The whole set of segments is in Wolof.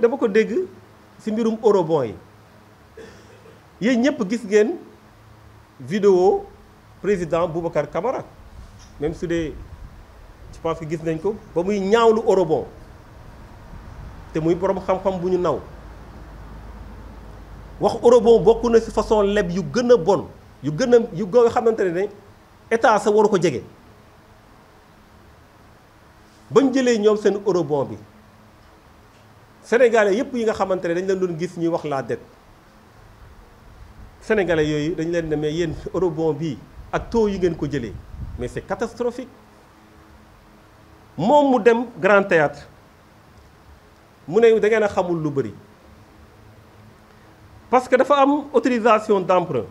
dama ko dégg ci mbirum eurobond yi yéen ñëpp gis ngeen vidéo président Boubacar kamara même su dee je pense que gis nañ ko ba muy ñaawlu eurobond te muy borom xam-xam bu ñu naw wax eurobond bokk na ci façon leb yu gën a bon yu gën a yu goo xamante ne état sa waru ko jege bañ jëlee ñoom seen eurobond bi sénégalais yëpp yi nga xamante dañ leen doon gis ñuy wax la dette sénégalais yooyu dañ leen ne mais yéen eurobond bii ak taux yi ngeen ko jëlee mais c'est catastrophique moom mu dem grand théâtre mu ne da ngeen a xamul lu bëri parce que dafa am autorisation d'emprunt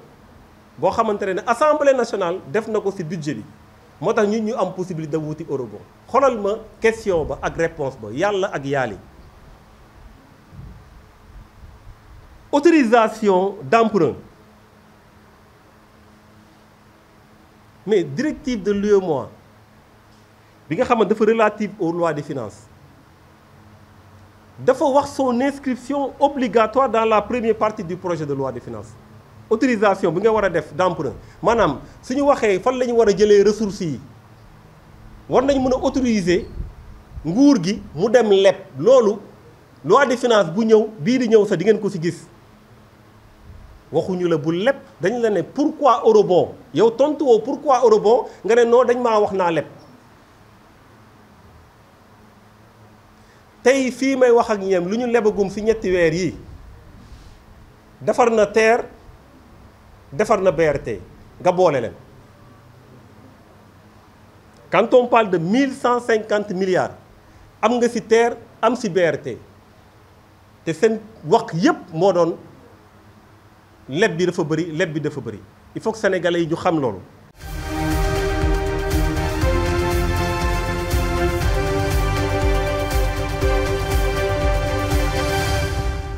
boo xamante ne assemblée nationale def na ko ci budget bi moo tax ñun ñu am possibilité de wuti eurobond xolal ma question ba ak réponse ba yàlla ak yaali autorisation d'emprunt. Mais directive de l'UEMOA, relative aux lois des finances, il faut voir son inscription obligatoire dans la première partie du projet de loi des finances. Autorisation d'emprunt. Madame, si nous avons les ressources, nous avons autorisé mu dem loi de finances waxuñu la bu lepp dañ la ne pourquoi eurobon yow tontu woo pourquoi eurobon nga ne non dañ maa wax naa leb tey fii may wax ak ñeem lu ñu lebagum fi ñetti weer yi defar na TER defar na BRT nga boole leen quand on parle de 1150 milliards am nga si TER am si BRT te seen wax yépp moo doon lèb bi dafa bëri lèb bi dafa bëri il faut que sénégalais yi ñu xam loolu